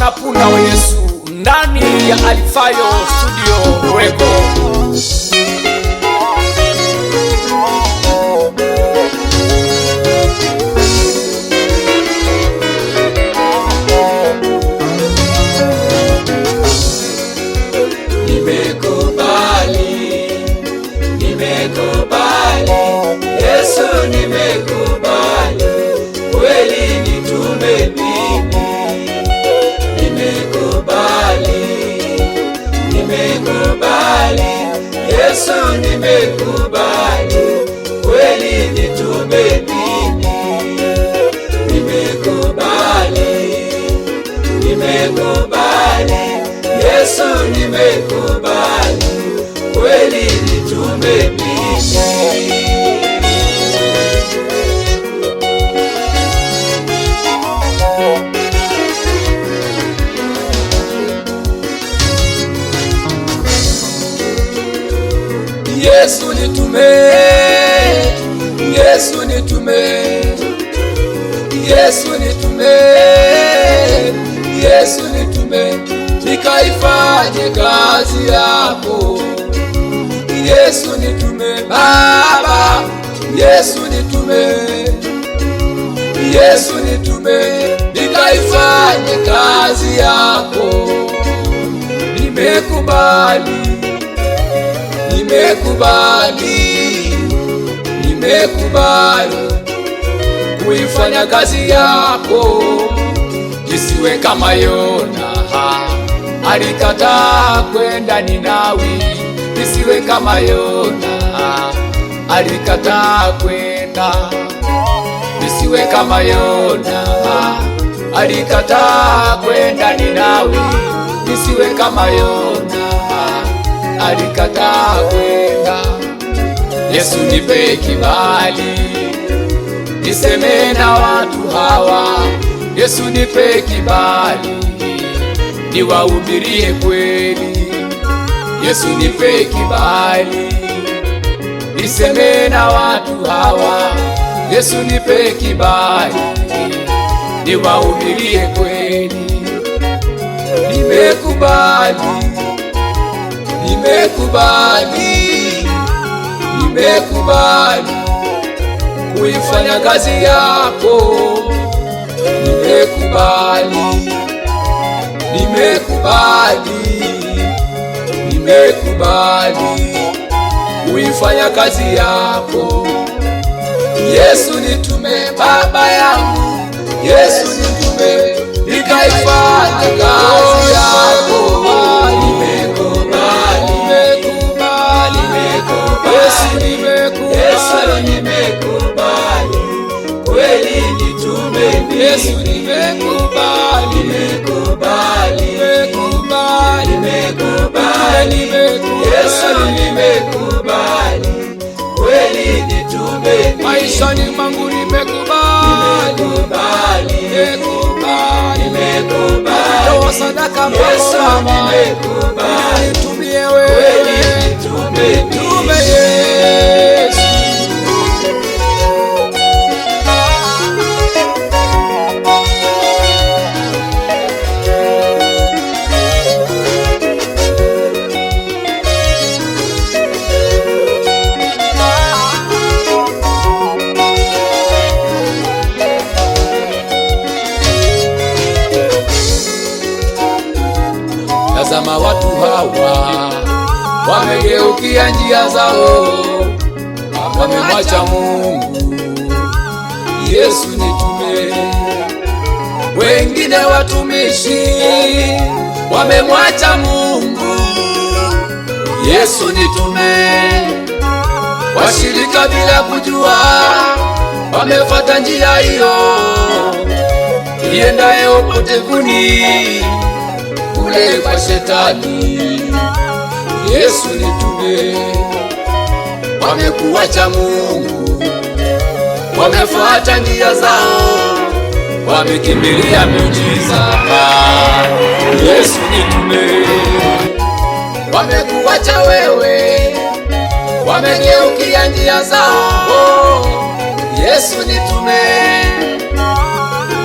wanapunda wa Yesu ndani ya Alifayo Studio Weko. nimekubali kweli nitume mimi, nimekubali, nimekubali Yesu, nimekubali kweli nitume mimi nitume, Yesu nitume, Yesu nitume, Yesu nitume, nikaifanye kazi yako. Yesu nitume Baba, Yesu nitume, Yesu nitume, nikaifanye kazi yako. Nimekubali nimekubali, nimekubali kuifanya kazi yako, isiwe kama Yona ha, alikataa kwenda Ninawi, isiwe kama Yona ha, alikataa kwenda, isiwe kama Yona ha, alikataa kwenda Ninawi, isiwe kama Yona ha, alikataa kwenda. Yesu, nipe kibali niseme na watu hawa. Yesu, nipe kibali niwahubirie kweli. Yesu, nipe kibali niseme na watu hawa. Yesu, nipe kibali niwahubirie kweli. Nimekubali nimekubali, nimekubali kuifanya kazi yako, nimekubali, nimekubali, nimekubali kuifanya kazi yako. Yesu nitume, Baba yangu, Yesu nitume Yesu, nimekubali, nimekubali, nimekubali, nimekubali, Yesu, nimekubali, kweli nitume maishani mwangu, nimekubali, nimekubali, nimekubali, toa sadaka Yesu, nimekubali, nitumie wewe, kweli nitume Tazama watu hawa wamegeukia njia zao, wamemwacha Mungu Yesu nitume. Wengine watumishi wamemwacha Mungu Yesu nitume, washirika bila kujua wamefata njia hiyo iendaye upotevuni. Nipende kwa shetani, Yesu nitume. Wamekuwacha Mungu, wamefuata njia zao, wamekimbilia miujiza hapa. Yesu nitume. Wamekuwacha wewe, wamegeukia njia zao. Yesu nitume.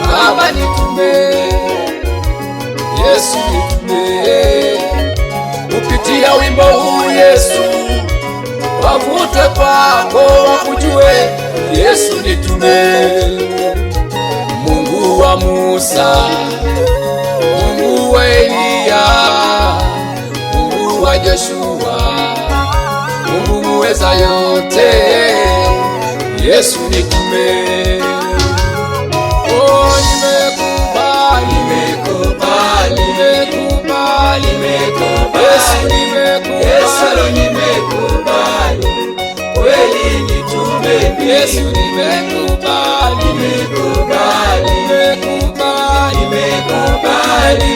Baba nitume. Yesu nitume kupitia wimbo huu Yesu, wavute pako wakujue Yesu nitume, Mungu wa Musa, Mungu wa Eliya, Mungu wa Joshua, Mungu muweza yote, Yesu nitume. Oh, nime Yesu nimekubali, nimekubali, nimekubali, nimekubali,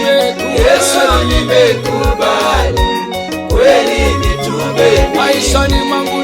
Yesu nimekubali, kweli nitume maisha ni mangu